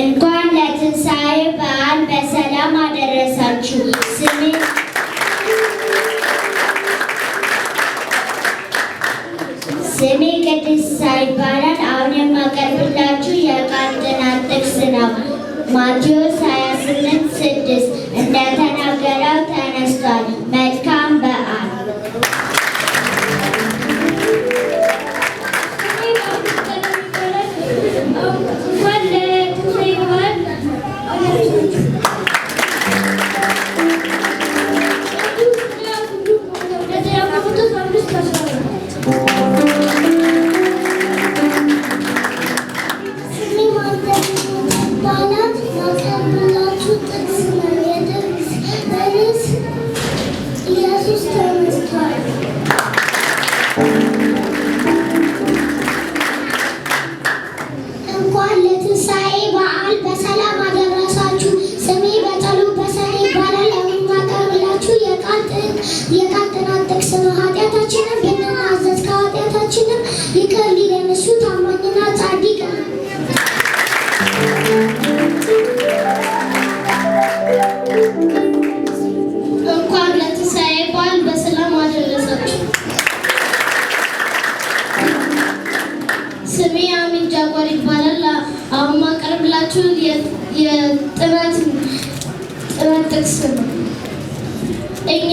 እንኳን ለትንሣኤ በዓል በሰላም አደረሳችሁ። ስሜ ቅድስት ሳይባላል። አሁን የማቀርብላችሁ የቃል ጥናት ጥቅስ ነው። ማቴዎስ 28 ስድስት እንደተናገረው ተነስቷል። መልካም ከሊል የነሱ ታማኝና ጻድቅ ነው። እንኳን ለትንሣኤ በሰላም አደረሳችሁ። ስሜ አሚን ጃጓር ይባላል። አሁን ማቀርብላችሁ የጥናት ጥናት ጥቅስ ነው። እኛ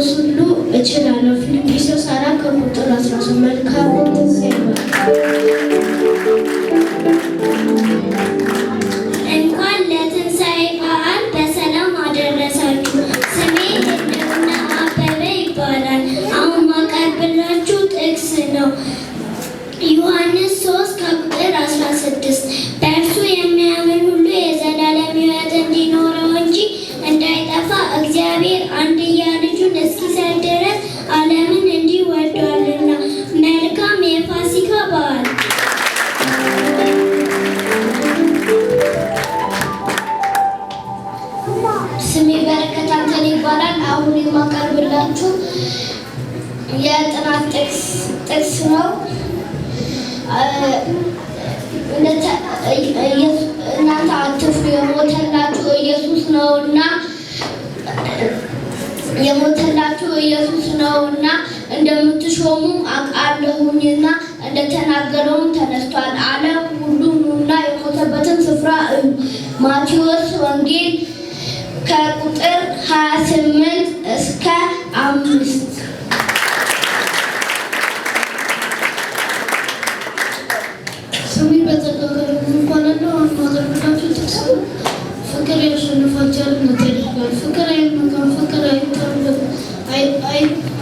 ክርስቶስ ሁሉ እችላለሁ። ፊልጵስዩስ አራት ከቁጥር አስራ ስምንት መልካሙን የጥናት ጥቅስ ነው። እናንተ አትፍሩ የሞተላችሁ ኢየሱስ ነውና የሞተላችሁ ኢየሱስ ነውና እንደምትሾሙ አውቃለሁኝና እንደተናገረውም ተነስቷል አለ። ሁሉ ኑና የሞተበትን ስፍራ ማቴዎስ ወንጌል ከቁጥር 28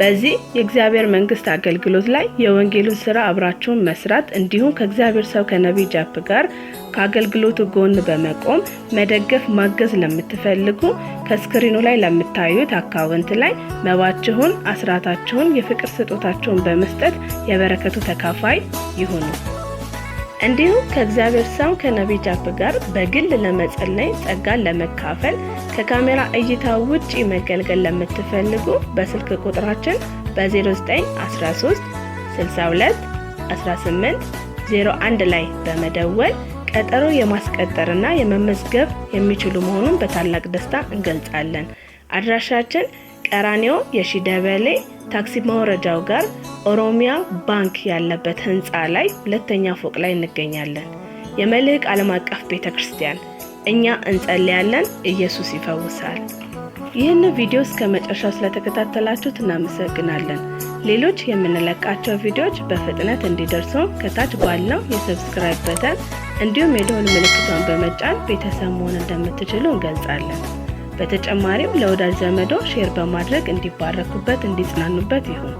በዚህ የእግዚአብሔር መንግስት አገልግሎት ላይ የወንጌሉን ስራ አብራችሁን መስራት እንዲሁም ከእግዚአብሔር ሰው ከነቢይ ጃፕ ጋር ከአገልግሎቱ ጎን በመቆም መደገፍ ማገዝ ለምትፈልጉ ከስክሪኑ ላይ ለምታዩት አካውንት ላይ መባችሁን፣ አስራታችሁን፣ የፍቅር ስጦታችሁን በመስጠት የበረከቱ ተካፋይ ይሁኑ። እንዲሁም ከእግዚአብሔር ሰው ከነቢይ ጃፕ ጋር በግል ለመጸለይ ጸጋን ለመካፈል ከካሜራ እይታ ውጪ መገልገል ለምትፈልጉ በስልክ ቁጥራችን በ0913 62 18 01 ላይ በመደወል ቀጠሮ የማስቀጠርና የመመዝገብ የሚችሉ መሆኑን በታላቅ ደስታ እንገልጻለን። አድራሻችን ቀራኒዮ የሺደበሌ ታክሲ መውረጃው ጋር ኦሮሚያ ባንክ ያለበት ህንፃ ላይ ሁለተኛ ፎቅ ላይ እንገኛለን። የመልህቅ ዓለም አቀፍ ቤተ ክርስቲያን። እኛ እንጸልያለን፣ ኢየሱስ ይፈውሳል። ይህን ቪዲዮ እስከ መጨረሻው ስለተከታተላችሁት እናመሰግናለን። ሌሎች የምንለቃቸው ቪዲዮዎች በፍጥነት እንዲደርሱ ከታች ባለው የሰብስክራይብ በተን እንዲሁም የደወል ምልክቷን በመጫን ቤተሰብ መሆን እንደምትችሉ እንገልጻለን። በተጨማሪም ለወዳጅ ዘመዶ ሼር በማድረግ እንዲባረኩበት እንዲጽናኑበት ይሁን።